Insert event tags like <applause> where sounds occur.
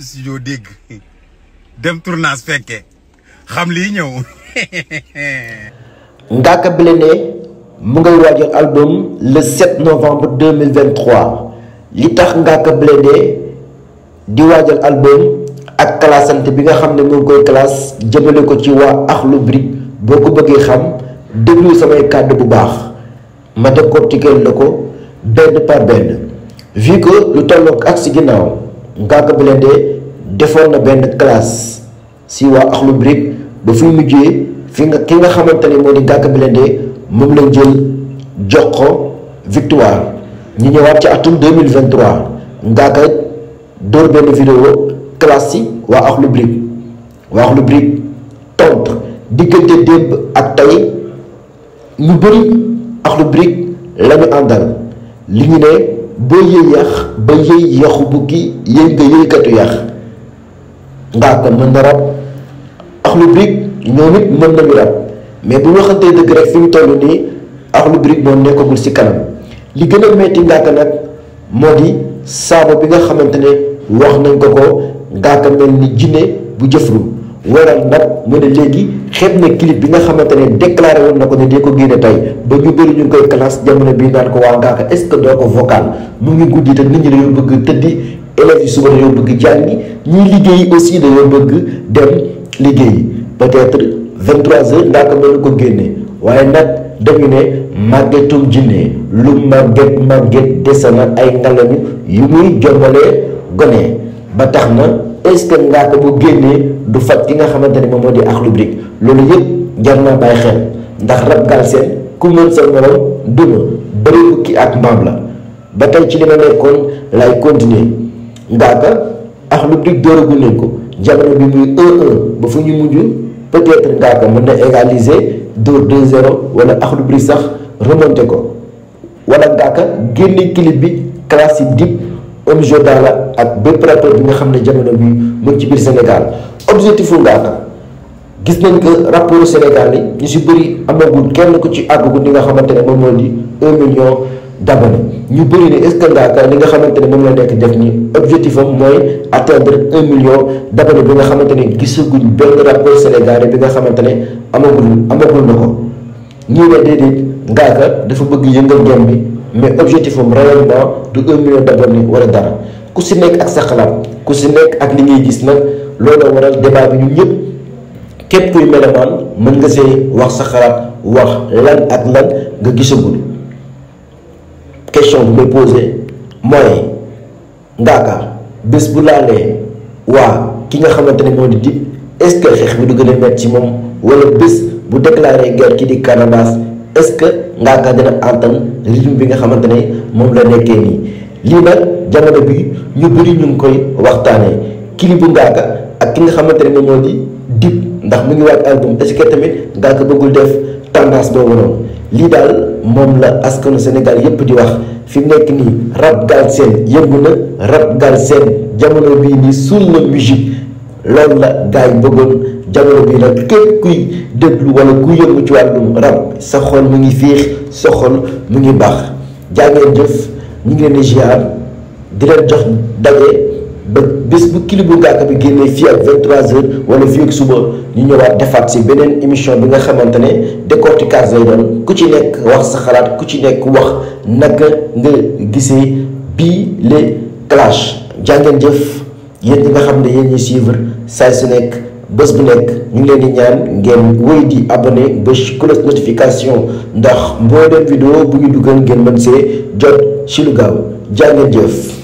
studio dégg dem tournage fekke xam lii ñëw <laughs> Ngaaka Blindé mu ngay waajal album le 7 novembre 2023 li tax Ngaaka Blindé di waajal album ak classante bi nga xam ne mu ngi koy classe jëmale ko ci waa lu Brick boo ko bëggee xam déglu samay kàddu bu baax ma décortiquer la ko benn par benn vu que lu tolloog ak si ginnaaw Ngaaka Blindé defoon na benn classe si waa Akhlou Brick ba fi mujjee fi nga ki nga xamante ne moo di Ngaaka Blindé moom la jël jox ko victoire ñu ñëwaat ci atum 2023 Ngaaka dóor benn vidéo classe si waa Akhlou Brick waa Akhlou Brick tontu diggante démb ak tey ñu bëri Akhlou Brick la àndal li ñu ne boo yëy yàq ba yëy yàqu bukki yëy nga yëykatu yàq ngaa ko mën na rab axlu birig ñoom it mën nañu rab mais bu ñu waxantee dëgg rek fi ñu toll nii axlu birig moom nekkagul si kanam li gën a metti ngaaka nag moo di saabo bi nga xamante ne wax nañ ko ko ngaaka mel ni jinne bu jëfru waral nag mu ne léegi xeeb ne clip bi nga xamante ne déclaré woon na ko ne dee ko génne tey ba ñu bëri ñu ngi koy classe jamono bi naan ko waa Ngaaka est-ce que doo ko vocal mu ngi guddi te nit ñi dañoo bëgg tëddi élèves yi suba dañoo bëgg jàngi ñiy liggéey aussi dañoo bëgg dem liggéey peut-être 23h Ngaaka mën ko génne waaye nag dañu ne màggetum jinne lu màgget màgget dese na ay ngalañu yu muy jombalee gone ba tax na. est-ce que ngaa ko bu génnee du faj ki nga xamante ni moom moo di ak rubrique loolu yëpp jar naa bàyyi xel ndax rab gaal seen ku mën sa morom duma bëri bukki ak mbaam la ba tey ci li ma nekkoon lay continuer ngaa ko ak rubrique dóoragu nañ ko bi muy 1-1 ba fu ñu mujj peut-être mën na égaliser dóor 2-0 wala ak rubrique sax remonté ko wala ngaa génne clip bi classique dip obligé daal la ak bépp rappeur bi nga xam ne jamono bi mu ngi ci biir Sénégal objectif wu Ngaaka gis nañ que rapport Sénégal yi ñu si bëri amagul kenn ku ci àggagul li nga xamante ne moom moo di un million d'abonnés ñu bëri ne est-ce que Ngaaka nga xamante ne moom la nekk def ni objectif am mooy atteindre un million d'abonnés bi nga xamante ne gisaguñ benn rapport Sénégal yi bi nga xamante ne amagul amagul na ko ñii ne déedéet Ngaaka dafa bëgg yëngal ngeen bi mais objectif am réellement du 1 million d'abonnés wala dara ku si nekk ak sa xalaat ku si nekk ak li ngay gis nag loolu waral débat bi ñun ñëpp képp kuy mélomaan mën nga see wax sa xalaat wax lan ak lan nga gisagul question bu may posé mooy Ngaaka bés bu laalee waa ki nga xamante ne moo di Dip est-ce que xeex bi du gën a metti ci moom wala bés bu déclaré guerre ki di Casamance est-ce que Ngaaka dina entendre rythme bi nga xamante ne moom la nekkee nii lii nag jamono bi ñu bëri ñu ngi koy waxtaanee kii bu Ngaaka ak ki nga xamante ne moo di Dip ndax mu ngi waaj album est-ce que tamit Ngaaka bëggul def tendance boobu noonu lii daal moom la askanu Sénégal yépp di wax fi nekk nii rap galsen yëngu na rap galsen jamono bii nii suul na musique loolu la gars bëggoon. jamono bi nag képp kuy déglu wala kuy yëngu ci wàllum rab sa xol mu ngi fiix sa xol mu ngi baax jàngeen jëf ñu ngi leen di ziar di leen jox daje ba bés bu kili bu gàkk bi génnee fii ak vingt 23h wala fii ak suba ñu ñëwaat defaat si beneen émission bi nga xamante ne décortiquage lay doon ku ci nekk wax sa xalaat ku ci nekk wax nag nga gisee bii les clash jàngeen jëf yéen ñi nga xam ne yéen ñi suivre saa su nekk. bés bu nekk ñu ngi leen di ñaan ngeen wéy di abonné ba cloche notification ndax mbooleem vidéo bu ñu dugal ngeen mën see jot ci lu gaaw jaa jëf